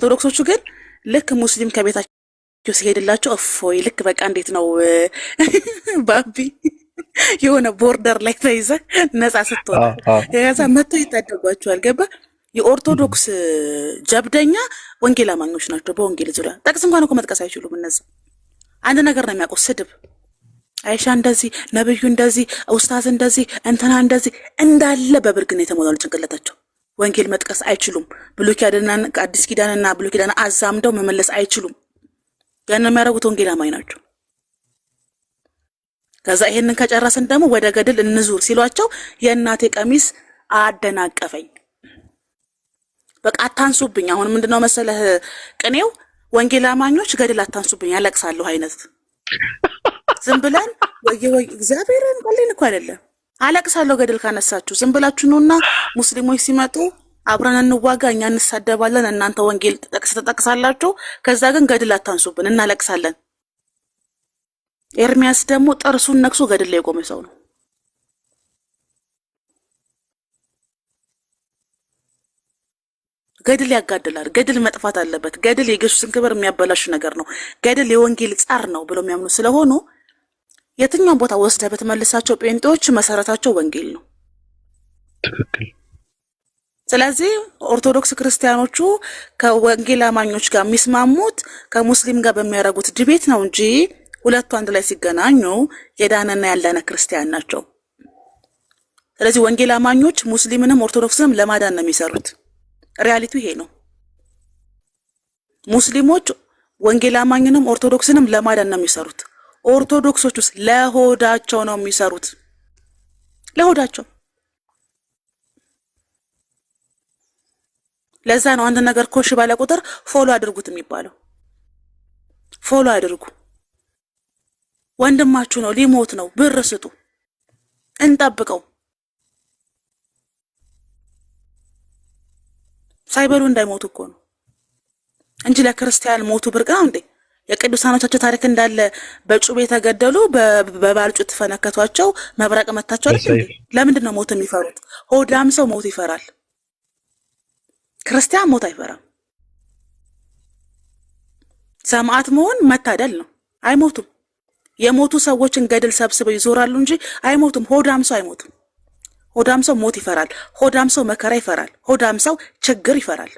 ኦርቶዶክሶቹ ግን ልክ ሙስሊም ከቤታቸው ሲሄድላቸው እፎይ ልክ በቃ እንዴት ነው ባቢ የሆነ ቦርደር ላይ ተይዘ ነፃ ስትሆነ ከዛ መጥቶ ይታደጓቸዋል። ገባ የኦርቶዶክስ ጀብደኛ ወንጌል አማኞች ናቸው። በወንጌል ዙሪያ ጠቅስ እንኳን እኮ መጥቀስ አይችሉም። እነዚህ አንድ ነገር ነው የሚያውቁት፣ ስድብ። አይሻ እንደዚህ፣ ነብዩ እንደዚህ፣ ኡስታዝ እንደዚህ፣ እንትና እንደዚህ እንዳለ በብልግና የተሞላሉ ጭንቅላታቸው ወንጌል መጥቀስ አይችሉም። ብሉይ ኪዳንና አዲስ ኪዳንና ብሉይ ኪዳን አዛምደው መመለስ አይችሉም። ያን የሚያደርጉት ወንጌል አማኝ ናቸው። ከዛ ይሄንን ከጨረስን ደግሞ ወደ ገድል እንዙር ሲሏቸው የእናቴ ቀሚስ አደናቀፈኝ። በቃ አታንሱብኝ። አሁን ምንድነው መሰለህ ቅኔው ወንጌል አማኞች ገድል አታንሱብኝ ያለቅሳለሁ አይነት ዝም ብለን እግዚአብሔርን ቀልን እኮ አይደለም አለቅሳለሁ ገደል ካነሳችሁ። ዝም ብላችሁ ነውና ሙስሊሞች ሲመጡ አብረን እንዋጋ፣ እኛ እንሳደባለን፣ እናንተ ወንጌል ተጠቅሳላችሁ። ከዛ ግን ገድል አታንሱብን፣ እናለቅሳለን። ኤርሚያስ ደግሞ ጥርሱን ነክሶ ገድል ላይ የቆመ ሰው ነው። ገድል ያጋድላል። ገድል መጥፋት አለበት። ገድል የኢየሱስን ክብር የሚያበላሽ ነገር ነው። ገድል የወንጌል ጻር ነው ብለው የሚያምኑ ስለሆኑ የትኛውን ቦታ ወስደ ብትመልሳቸው ጴንጤዎች መሰረታቸው ወንጌል ነው። ትክክል። ስለዚህ ኦርቶዶክስ ክርስቲያኖቹ ከወንጌል አማኞች ጋር የሚስማሙት ከሙስሊም ጋር በሚያደርጉት ድቤት ነው እንጂ ሁለቱ አንድ ላይ ሲገናኙ የዳነና ያለነ ክርስቲያን ናቸው። ስለዚህ ወንጌል አማኞች ሙስሊምንም ኦርቶዶክስንም ለማዳን ነው የሚሰሩት። ሪያሊቱ ይሄ ነው። ሙስሊሞች ወንጌል አማኝንም ኦርቶዶክስንም ለማዳን ነው የሚሰሩት። ኦርቶዶክሶች ውስጥ ለሆዳቸው ነው የሚሰሩት። ለሆዳቸው ለዛ ነው አንድ ነገር ኮሽ ባለ ቁጥር ፎሎ አድርጉት የሚባለው። ፎሎ አድርጉ። ወንድማችሁ ነው፣ ሊሞት ነው፣ ብር ስጡ፣ እንጠብቀው። ሳይበሉ እንዳይሞቱ እኮ ነው እንጂ ለክርስቲያን ሞቱ ብርቅ ነው እንዴ? የቅዱሳኖቻቸው ታሪክ እንዳለ በጩቤ የተገደሉ በባልጩ ተፈነከቷቸው መብረቅ መታቸው። ለምንድን ነው ሞት የሚፈሩት? ሆዳም ሰው ሞት ይፈራል። ክርስቲያን ሞት አይፈራም። ሰማዕት መሆን መታደል ነው። አይሞቱም። የሞቱ ሰዎችን ገድል ሰብስበው ይዞራሉ እንጂ አይሞቱም። ሆዳም ሰው አይሞቱም። ሆዳም ሰው ሞት ይፈራል። ሆዳም ሰው መከራ ይፈራል። ሆዳም ሰው ችግር ይፈራል።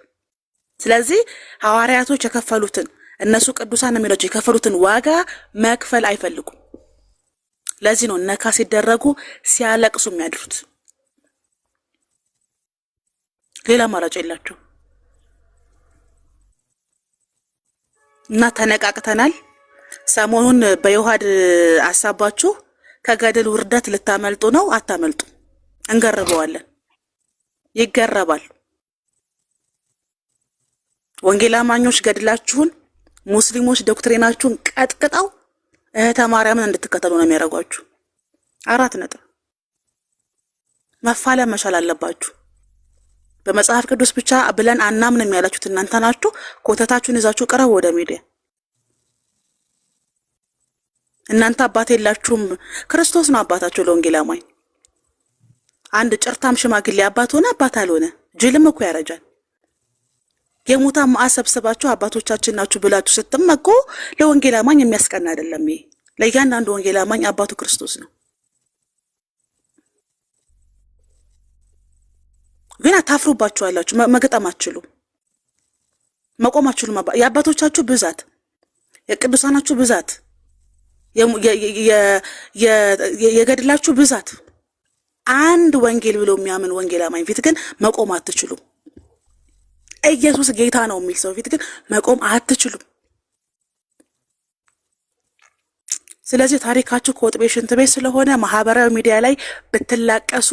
ስለዚህ ሐዋርያቶች የከፈሉትን እነሱ ቅዱሳን ነው የሚሏቸው የከፈሉትን ዋጋ መክፈል አይፈልጉም። ለዚህ ነው ነካ ሲደረጉ ሲያለቅሱ የሚያድሩት። ሌላ አማራጭ የላቸው እና ተነቃቅተናል። ሰሞኑን በዮሐድ አሳባችሁ ከገደል ውርደት ልታመልጡ ነው። አታመልጡ፣ እንገርበዋለን። ይገረባል። ወንጌላማኞች ገድላችሁን ሙስሊሞች ዶክትሪናችሁን ቀጥቅጠው እህተ ማርያምን እንድትከተሉ ነው የሚያደርጓችሁ። አራት ነጥብ። መፋለም መቻል አለባችሁ። በመጽሐፍ ቅዱስ ብቻ ብለን አናምንም ያላችሁት እናንተ ናችሁ። ኮተታችሁን ይዛችሁ ቅረቡ ወደ ሚዲያ። እናንተ አባት የላችሁም፣ ክርስቶስ ነው አባታችሁ። ለወንጌል አማኝ አንድ ጭርታም ሽማግሌ አባት ሆነ አባት አልሆነ ጅልም እኮ ያረጃል። የሙታ ማሰብሰባችሁ አባቶቻችን ናችሁ ብላችሁ ስትመኩ ለወንጌል አማኝ የሚያስቀና አይደለም። ይሄ ለእያንዳንዱ ወንጌል አማኝ አባቱ ክርስቶስ ነው። ግን ታፍሩባችኋላችሁ። መግጠም አችሉ መቆም አችሉ። የአባቶቻችሁ ብዛት፣ የቅዱሳናችሁ ብዛት፣ የገድላችሁ ብዛት አንድ ወንጌል ብሎ የሚያምን ወንጌል አማኝ ፊት ግን መቆም አትችሉም። ኢየሱስ ጌታ ነው የሚል ሰው ፊት ግን መቆም አትችሉም። ስለዚህ ታሪካችሁ ከወጥ ቤት ሽንት ቤት ስለሆነ ማህበራዊ ሚዲያ ላይ ብትላቀሱ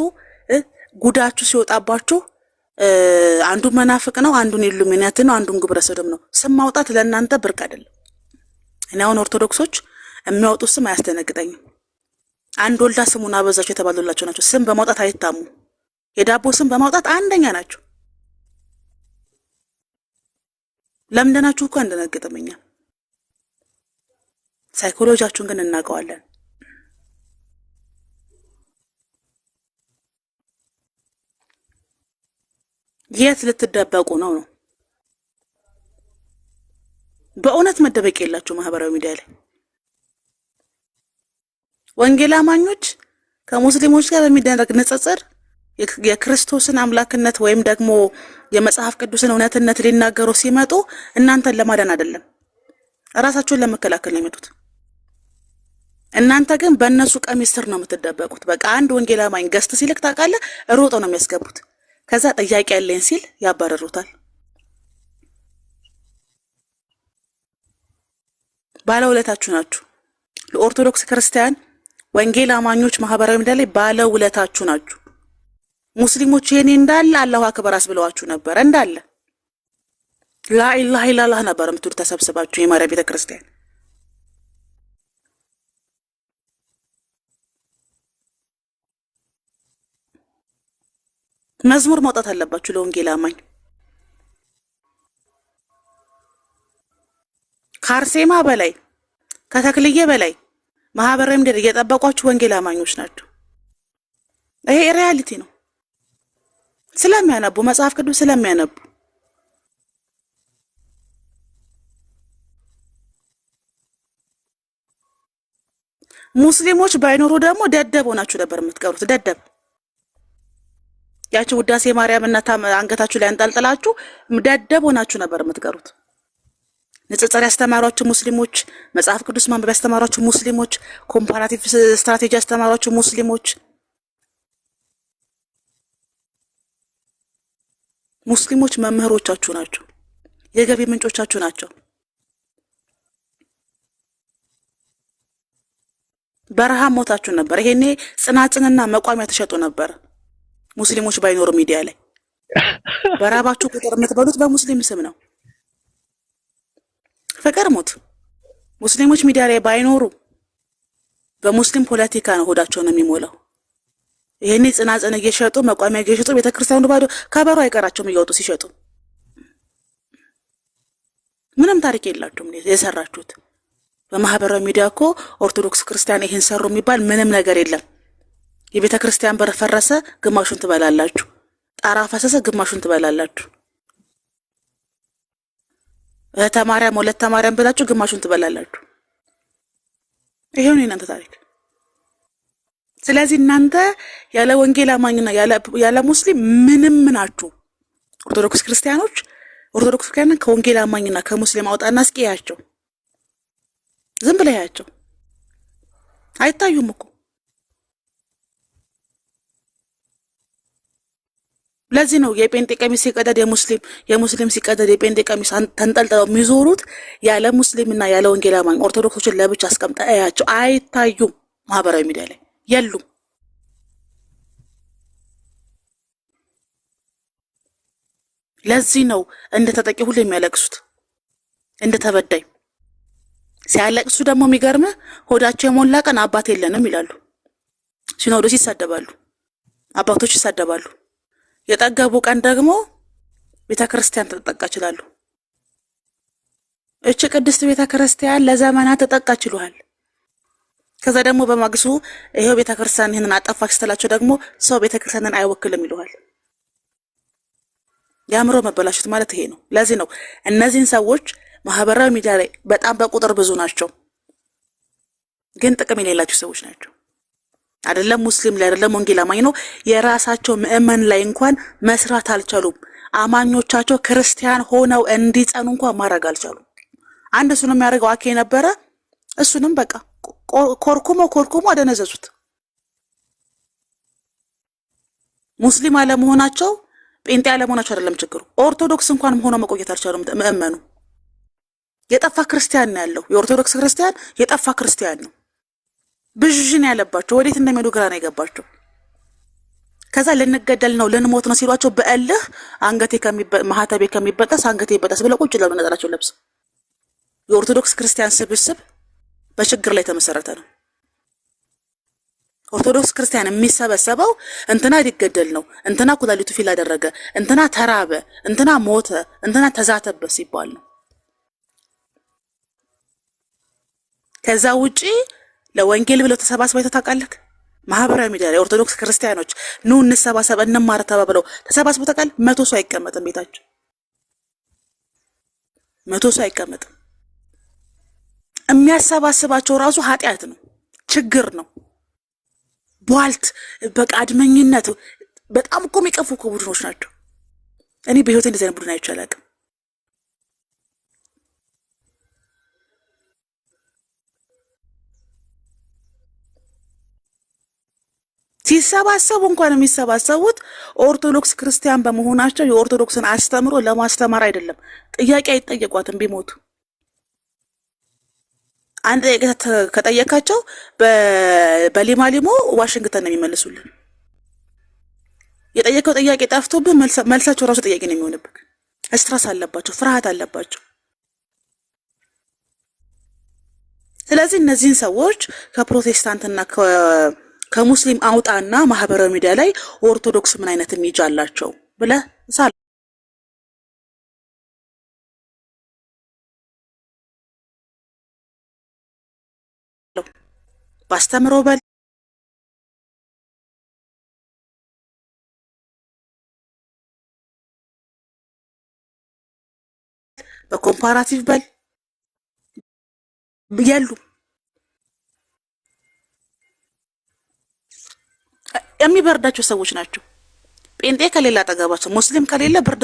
ጉዳችሁ ሲወጣባችሁ አንዱን መናፍቅ ነው፣ አንዱን ኢሉሚናት ነው፣ አንዱን ግብረ ሰዶም ነው። ስም ማውጣት ለእናንተ ብርቅ አይደለም። እኔ አሁን ኦርቶዶክሶች የሚያወጡት ስም አያስደነግጠኝም። አንድ ወልዳ ስሙን አበዛቸው የተባሉላቸው ናቸው። ስም በማውጣት አይታሙ። የዳቦ ስም በማውጣት አንደኛ ናቸው። ለምደናችሁ እኮ አንደነግጥም እኛ። ሳይኮሎጂያችሁን ግን እናውቀዋለን። የት ልትደበቁ ነው ነው? በእውነት መደበቅ የላችሁ ማህበራዊ ሚዲያ ላይ ወንጌል አማኞች ከሙስሊሞች ጋር በሚደረግ ንጽጽር የክርስቶስን አምላክነት ወይም ደግሞ የመጽሐፍ ቅዱስን እውነትነት ሊናገሩ ሲመጡ እናንተን ለማዳን አይደለም፣ ራሳችሁን ለመከላከል ነው የመጡት። እናንተ ግን በእነሱ ቀሚስ ስር ነው የምትደበቁት። በቃ አንድ ወንጌል አማኝ ገስት ሲልክ ታውቃለህ፣ ሮጦ ነው የሚያስገቡት። ከዛ ጥያቄ ያለኝ ሲል ያባረሩታል። ባለውለታችሁ ናችሁ። ለኦርቶዶክስ ክርስቲያን ወንጌል አማኞች ማህበራዊ ሚዲያ ላይ ባለውለታችሁ ናችሁ። ሙስሊሞች ይሄኔ እንዳለ አላሁ አክበር አስብለዋችሁ ነበረ። እንዳለ ላኢላህ ኢላላህ ነበር የምትሉ ተሰብስባችሁ የማርያ ቤተ ክርስቲያን መዝሙር ማውጣት አለባችሁ ለወንጌል አማኝ ከአርሴማ በላይ ከተክልዬ በላይ ማህበራዊ ምድር እየጠበቋችሁ ወንጌል አማኞች ናቸው። ይሄ ሪያሊቲ ነው። ስለሚያነቡ መጽሐፍ ቅዱስ ስለሚያነቡ ሙስሊሞች ባይኖሩ ደግሞ ደደብ ሆናችሁ ነበር የምትቀሩት። ደደብ ያቺ ውዳሴ ማርያም እና አንገታችሁ ላይ አንጠልጥላችሁ ደደብ ሆናችሁ ነበር የምትቀሩት። ንጽጽር ያስተማሯችሁ ሙስሊሞች፣ መጽሐፍ ቅዱስ ማንበብ ያስተማሯችሁ ሙስሊሞች፣ ኮምፓራቲቭ ስትራቴጂ ያስተማሯችሁ ሙስሊሞች ሙስሊሞች መምህሮቻችሁ ናቸው፣ የገቢ ምንጮቻችሁ ናቸው። በረሃ ሞታችሁ ነበር። ይሄኔ ጽናጽንና መቋሚያ ተሸጡ ነበር። ሙስሊሞች ባይኖሩ ሚዲያ ላይ በራባችሁ ቁጥር የምትበሉት በሙስሊም ስም ነው። ፍቅር ሞት ሙስሊሞች ሚዲያ ላይ ባይኖሩ በሙስሊም ፖለቲካ ነው ሆዳቸውን የሚሞላው። ይህን ጽናጽን እየሸጡ መቋሚያ እየሸጡ ቤተክርስቲያኑ ባዶ ከበሮ አይቀራቸውም እየወጡ ሲሸጡ ምንም ታሪክ የላችሁም የሰራችሁት። በማህበራዊ ሚዲያ እኮ ኦርቶዶክስ ክርስቲያን ይህን ሰሩ የሚባል ምንም ነገር የለም። የቤተ ክርስቲያን በር ፈረሰ፣ ግማሹን ትበላላችሁ። ጣራ ፈሰሰ፣ ግማሹን ትበላላችሁ። እህተ ማርያም ወለተ ማርያም ብላችሁ ግማሹን ትበላላችሁ። ይሄውን የእናንተ ታሪክ ስለዚህ እናንተ ያለ ወንጌል አማኝና ያለ ሙስሊም ምንም ናችሁ። ኦርቶዶክስ ክርስቲያኖች ኦርቶዶክስ ክርስቲያን ከወንጌል አማኝና ከሙስሊም አውጣና እስኪ ያቸው፣ ዝም ብለ ያቸው። አይታዩም እኮ ለዚህ ነው የጴንጤ ቀሚስ ሲቀደድ የሙስሊም የሙስሊም ሲቀደድ የጴንጤ ቀሚስ ተንጠልጥለው የሚዞሩት። ያለ ሙስሊምና ያለ ወንጌል አማኝ ኦርቶዶክሶችን ለብቻ አስቀምጠ ያቸው፣ አይታዩም ማህበራዊ ሚዲያ ላይ የሉም። ለዚህ ነው እንደ ተጠቂ ሁሉ የሚያለቅሱት እንደ ተበዳይ። ሲያለቅሱ ደግሞ የሚገርም ሆዳቸው የሞላ ቀን አባት የለንም ይላሉ። ሲኖዶስ ይሳደባሉ፣ አባቶች ይሳደባሉ። የጠገቡ ቀን ደግሞ ቤተ ክርስቲያን ተጠቃ ይችላሉ። እች ቅድስት ቤተ ክርስቲያን ለዘመናት ተጠቃ ችሏል። ከዛ ደግሞ በማግሱ ይሄው ቤተክርስቲያን ይህንን አጠፋች ስትላቸው ደግሞ ሰው ቤተክርስቲያንን አይወክልም ይለዋል። የአእምሮ መበላሸት ማለት ይሄ ነው። ለዚህ ነው እነዚህን ሰዎች ማህበራዊ ሚዲያ ላይ በጣም በቁጥር ብዙ ናቸው፣ ግን ጥቅም የሌላቸው ሰዎች ናቸው። አይደለም ሙስሊም ላይ አይደለም ወንጌል አማኝ ነው የራሳቸው ምዕመን ላይ እንኳን መስራት አልቻሉም። አማኞቻቸው ክርስቲያን ሆነው እንዲጸኑ እንኳን ማድረግ አልቻሉም። አንድ እሱ ነው የሚያደርገው አኬ ነበረ። እሱንም በቃ ኮርኩሞ ኮርኩሞ አደነዘዙት። ሙስሊም አለመሆናቸው ጴንጤ አለመሆናቸው አይደለም ችግሩ። ኦርቶዶክስ እንኳን ሆኖ መቆየት አልቻሉም። ምእመኑ የጠፋ ክርስቲያን ነው ያለው። የኦርቶዶክስ ክርስቲያን የጠፋ ክርስቲያን ነው። ብዥን ያለባቸው ወዴት እንደሚሄዱ ግራ ነው የገባቸው። ከዛ ልንገደል ነው ልንሞት ነው ሲሏቸው በእልህ አንገቴ ማህተቤ ከሚበጠስ አንገቴ ይበጠስ ብለው ቁጭ ለብነጠላቸው ለብሰው የኦርቶዶክስ ክርስቲያን ስብስብ በችግር ላይ የተመሰረተ ነው። ኦርቶዶክስ ክርስቲያን የሚሰበሰበው እንትና ሊገደል ነው፣ እንትና ኩላሊቱ ፊል አደረገ፣ እንትና ተራበ፣ እንትና ሞተ፣ እንትና ተዛተበት ሲባል ነው። ከዛ ውጪ ለወንጌል ብለው ተሰባስበው አይተህ ታውቃለህ? ማህበራዊ ሚዲያ ላይ ኦርቶዶክስ ክርስቲያኖች ኑ እንሰባሰብ እንማር ተባብለው ተሰባስበው ታውቃለህ? መቶ ሰው አይቀመጥም ቤታቸው፣ መቶ ሰው አይቀመጥም። የሚያሰባስባቸው ራሱ ኃጢአት ነው፣ ችግር ነው፣ ቧልት በቃ አድመኝነት። በጣም እኮ የሚቀፉ እኮ ቡድኖች ናቸው። እኔ በህይወት እንደዚህ አይነት ቡድን አይቼ አላውቅም። ሲሰባሰቡ እንኳን የሚሰባሰቡት ኦርቶዶክስ ክርስቲያን በመሆናቸው የኦርቶዶክስን አስተምሮ ለማስተማር አይደለም። ጥያቄ አይጠየቋትም ቢሞቱ አንድ ጥያቄ ከጠየካቸው በሊማ ሊሞ ዋሽንግተን ነው የሚመልሱልን። የጠየቀው ጥያቄ ጠፍቶብህ መልሳቸው ራሱ ጥያቄ ነው የሚሆንብህ። እስትራስ አለባቸው፣ ፍርሃት አለባቸው። ስለዚህ እነዚህን ሰዎች ከፕሮቴስታንትና ከሙስሊም አውጣና ማህበራዊ ሚዲያ ላይ ኦርቶዶክስ ምን አይነት ሚጃ አላቸው ብለህ ባስተምሮ በል በኮምፓራቲቭ በል ያሉ የሚበርዳቸው ሰዎች ናቸው። ጴንጤ ከሌለ አጠገባቸው ሙስሊም ከሌለ ብርድ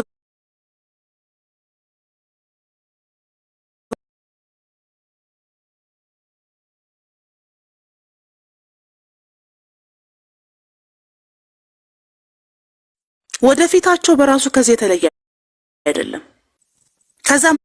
ወደፊታቸው በራሱ ከዚህ የተለየ አይደለም። ከዛም